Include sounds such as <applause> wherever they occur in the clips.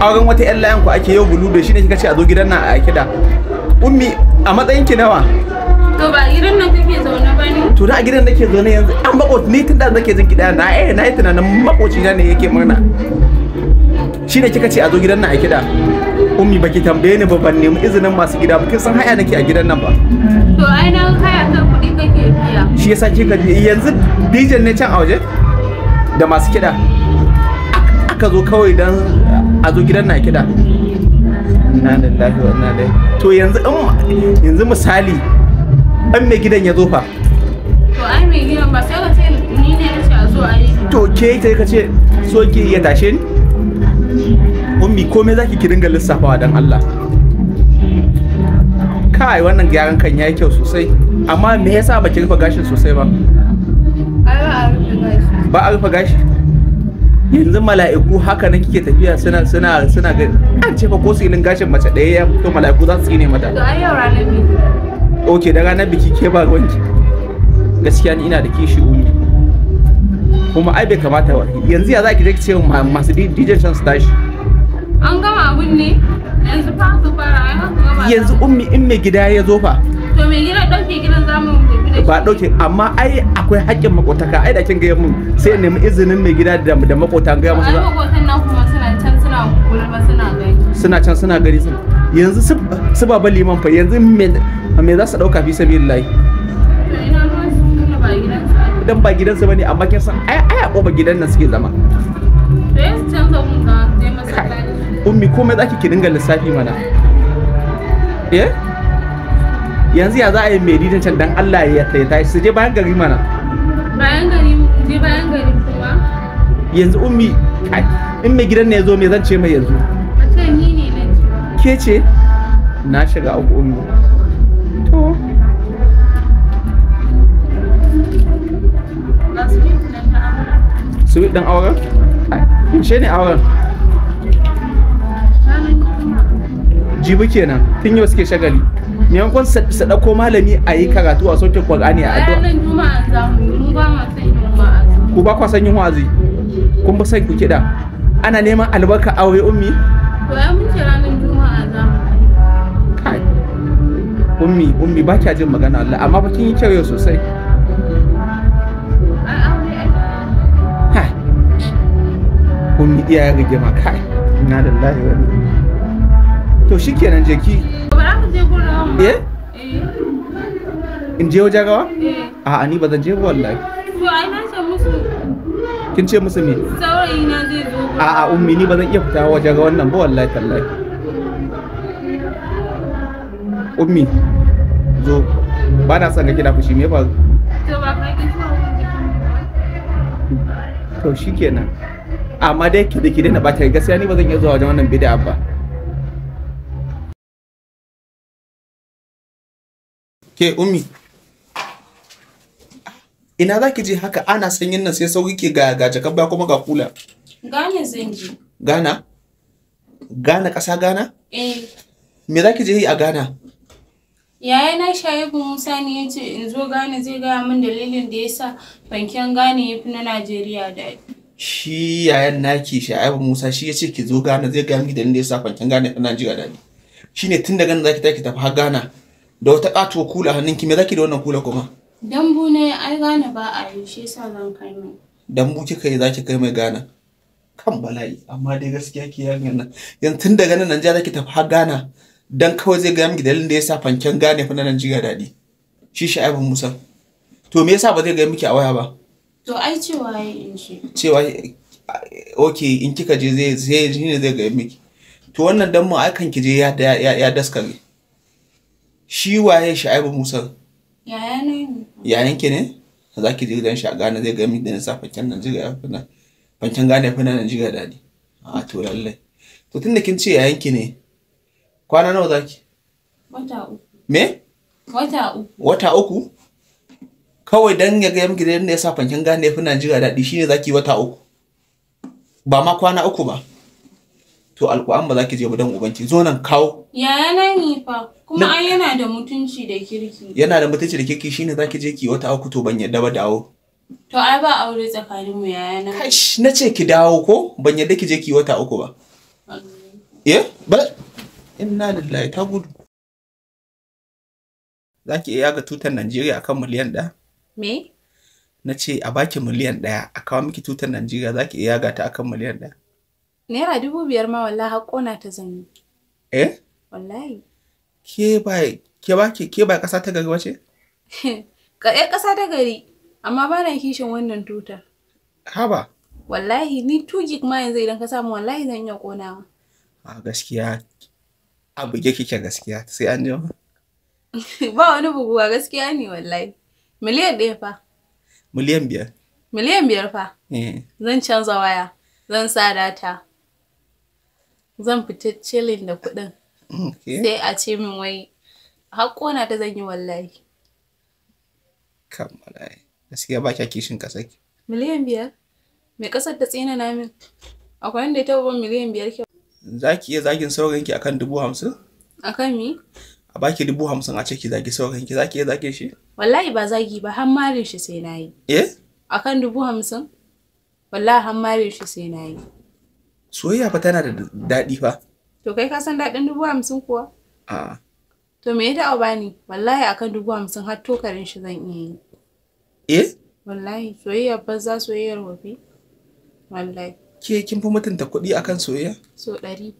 auren wata yan layan ku ake yau bulu da shi ne kika ce a zo gidan nan a kida ummi a matsayin ki nawa to ba gidan nan kake zaune ba ne to da gidan nake zaune yanzu an makoci ni tun da nake jin gida na eh na yi tunanin makoci na ne yake murna shi ne kika ce a zo gidan nan a kida ummi baki tambaye ni ba ban nemi izinin masu gida ba kin san haya nake a gidan nan ba to ai na haya kan kuɗi kake biya shi yasa kika yanzu dijan ne can a waje da masu kida? aka zo kawai dan a zo gidan na kida inna lillahi wa inna ilaihi to yanzu in yanzu misali an mai gidan ya zo fa to ai mai gidan ba sai ka ce ni ne na ce a zo ai to ke ta ka ce so ki ya tashe ni ummi komai zaki ki dinga lissafawa dan Allah kai wannan gyaran kan yayi kyau sosai amma me yasa baki rufe gashin sosai ba ba a rufe gashi yanzu mala'iku haka nan kike tafiya suna suna suna ga an ce fa ko silin gashin mace ɗaya ya fito mala'iku za su tsine mata to ai yau ranar biki okay da ranar biki ke ba wanki gaskiya ni ina da kishi ummi kuma ai bai kamata ba yanzu ya za ki je ki ce masu DJ chance tashi an gama abun ne yanzu fa su fara yanzu ummi in mai gida ya zo fa to mai gida ki gidan zamu mu ba dauke amma ai akwai haƙƙin makotaka ai da kin ga mun sai nemi izinin mai gida da da makota ga musu makotan nan kuma suna can suna suna gari suna can suna gari sun yanzu su baba liman fa yanzu me me za su dauka fi sabilillahi dan ba gidan gidansa bane amma kin san ai ai a gidan nan suke zama ummi komai zaki ki dinga lissafi mana eh yanzu ya za a yi mai can dan Allah ya ta, su je bayan gari mana bayan gari je bayan gari kuma yanzu ummi in mai gidan ne ya zo me zan ce mai yanzu a ce ni ne ke ce na shiga uku ummi to su dan auren? Shi ne auren. jibi kenan tun yau suke shagali maimakon sadako malami a yi karatu a sauke ƙwar'ani a addu'a ku ba kwa san yin wa'azi kun ba sai ku kiɗa ana neman albarka a wai ummi to ya mun ce ranar juma'a za kai ummi ummi ba kya jin magana Allah amma ba kin yi kyau sosai ummi iya rigima kai inna lillahi wa inna to shi kenan je ki ba za ka je gurin ba eh? eh in je wajen gawa eh a'a ni ba zan je ba wallahi to ai na ce musu kin ce musu me saurayi na zai zo a'a ummi ni ba zan iya fita wajen gawan nan ba wallahi tallahi ummi zo ba na son ga kina fushi me ba to ba kai kin to kenan. amma dai ki da ki daina ba ta gaskiya ni ba zan iya zuwa wajen wannan bid'a ba ke ummi ina za ki je haka ana sanyin nan sai sauki ke ga ga ba kuma ga kula gane zan gana gana ƙasa gana eh me za ki je yi a gana yaya na shaye musa ne ya ce in zo gane zai gaya min dalilin da ya sa banken gane ya fi na najeriya daɗi shi yayan naki sha'ibu musa shi ya ce ki zo gane zai gaya min dalilin da ya sa banken gane na najeriya daɗi shine tun da gane za ki tafi har gana da wata katuwa kula ki me zaki da wannan kula kuma dambu ne ai gane ba a yi shi yasa zan kai mai dambu kika yi zaki kai mai gana kan bala'i amma dai gaskiya ki yan nan yanzu tun daga nan Najeriya zaki tafi har gana dan kawai zai ga miki dalilin da yasa fanken gane fa nan jiga daɗi shi Sha'ibu Musa to me yasa ba zai ga miki a waya ba to ai cewa yi in shi cewa okay in kika je zai zai ne zai ga miki to wannan dan mu kan ki je ya ya daskare shi waye sha'ibu musa yaya yayan ki ne za ki je gidan shi a gane zai ga mi da na fankan na nan jiga fina fankan gane fina nan jiga daɗi a to lallai to da kin ce yayan ki ne kwana nawa za ki wata uku me wata uku wata uku kawai dan ya ga miki da ya sa fanken gane fi nan jiga daɗi shine za ki wata uku ba ma kwana uku ba to alƙur'an ba za ki je ba dan ubanki zo nan kawo yaya na ni fa kuma ai yana da mutunci da kirki yana da mutunci da kirki shine za ki je ki wata akuto to ban yadda ba dawo to ai ba aure tsakanin mu yaya na kash na ce ki dawo ko ban yadda ki je ki wata uku ba eh ba inna lillahi ta gudu za ki iya ga tutar Najeriya akan miliyan ɗaya? Me? Na ce a baki miliyan ɗaya a kawo miki tutar Najeriya za ki iya ga ta akan miliyan ɗaya. Naira dubu biyar ma wallahi har ƙona ta zanyi. Eh? Wallahi. Ke ba ke ba ke ba ƙasa ta gari wace? <laughs> Ka ƴar eh, ƙasa ta gari amma ba na kishin wannan tutar. Haba. Wallahi ni tugi ma yanzu idan ka samu wallahi zan iya ƙonawa. A gaskiya a buge kike gaskiya sai an yi <laughs> ba wani buguwa gaskiya ne wallahi. Miliyan ɗaya fa. Miliyan biyar. Miliyan biyar fa. Eh. Zan canza waya. Zan sa data. zan fita cilin da kuɗin sai a ce min wai na ta zan yi wallahi kammala gaskiya ba kya kishin ka saki miliyan biyar mai ƙasar da tsina na min akwai wanda ya taɓa miliyan biyar kyau za ki iya zagin ki akan dubu hamsin akan mi a baki dubu hamsin a ce ki zagi ki, za ki iya zage shi wallahi ba zagi ba har marin shi sai na yi eh akan dubu hamsin wallahi har marin shi sai na yi soyayya fa tana da daɗi fa to kai ka san daɗin dubu hamsin kuwa a to me ya ba bani wallahi akan dubu hamsin har karin shi zan iya yi eh wallahi soyayya banza soyayyar wafi wallahi ke kin fi mutunta kuɗi akan soyayya so ɗari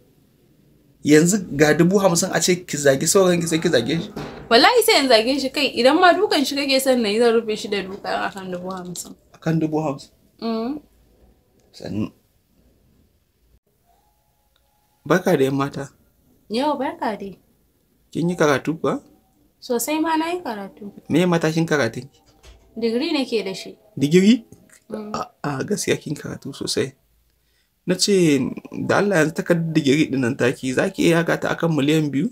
yanzu ga dubu hamsin a ce ki zage sauran ki sai ki zage shi wallahi sai in zage shi kai idan ma dukan shi kake son na yi zan rufe shi da dukan akan dubu hamsin akan dubu hamsin mm. sannu Barka da yan mata. Yau barka dai. Kin yi karatu ba? Sosai ma na yi karatu. Me matashin karatun? Digiri ne ke da shi. Digiri? Mm. A gaskiya kin karatu sosai. Na ce da Allah yanzu takar digiri nan taki za ki iya gata akan miliyan biyu?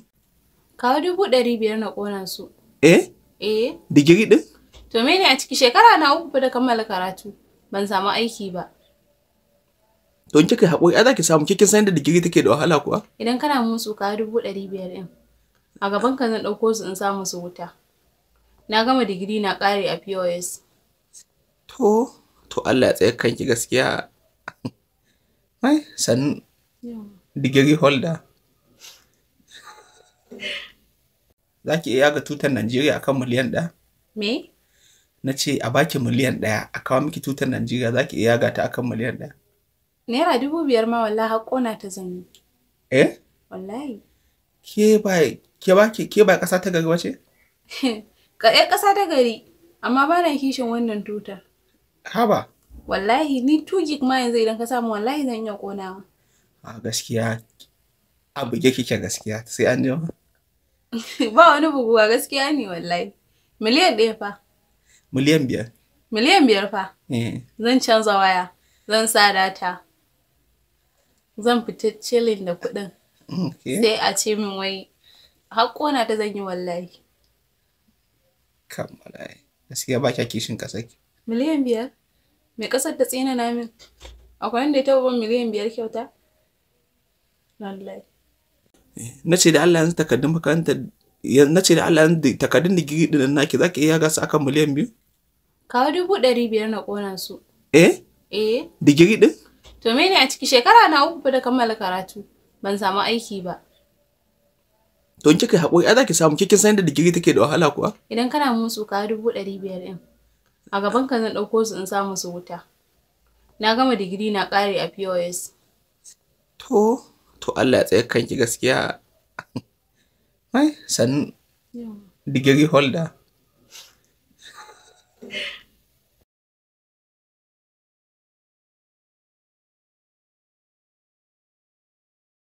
Kawo dubu ɗari biyar na ƙona su. Eh? Eh. Digiri ɗin? To mene a ciki shekara na uku da kammala karatu ban samu aiki ba. to in kika haƙuri ai zaki samu kikin san da digiri take da wahala kuwa idan kana musu ka dubu ɗari biyar ɗin a gaban ka zan ɗauko su in samu su wuta na gama digiri na ƙare a pos to to Allah ya tsaye kanki gaskiya <laughs> ai san digiri holder <laughs> za ki iya ga tutar Najeriya akan miliyan ɗaya? Me? Na ce a baki miliyan ɗaya a kawo miki tutar Najeriya za ki iya ga ta akan miliyan ɗaya. Naira dubu biyar ma wallahi har ƙona ta zanyi. Eh? Wallahi. Ke ba ke ba ke ba ƙasa ta gari wace? <laughs> Ka ƴar eh, ƙasa ta gari amma ba na kishin wannan tutar. Haba. Wallahi ni tugi ma yanzu idan ka samu wallahi zan iya ƙonawa. A gaskiya a buge kike gaskiya sai an yi <laughs> ba wani buguwa gaskiya ne wallahi. Miliyan ɗaya fa. Miliyan biyar. Miliyan biyar fa. Eh. Zan canza waya. Zan sa data. zan fita cilin da kuɗin sai a ce min wai haƙona ta zan yi wallahi kammala gaskiya ba kya kishin ka saki miliyan biyar mai ƙasar ta tsina na min akwai wanda ya taɓa miliyan biyar kyauta eh, na ce da Allah yanzu takardun makarantar na ce da Allah yanzu takardun digiri ɗin naki za ki iya gasa akan miliyan biyu kawo dubu ɗari biyar na ƙona su eh eh digiri ɗin To mene a ciki shekara na uku da kammala karatu ban samu aiki ba. To in kika haƙuri a zaki samu kikin san da digiri take da wahala kuwa? Idan kana musu ka dubu ɗari biyar ɗin. A gaban ka zan ɗauko su in samu su wuta. Na gama digiri na ƙare a POS. To, to Allah ya tsaye kanki gaskiya. <laughs> Ai, san digiri holder.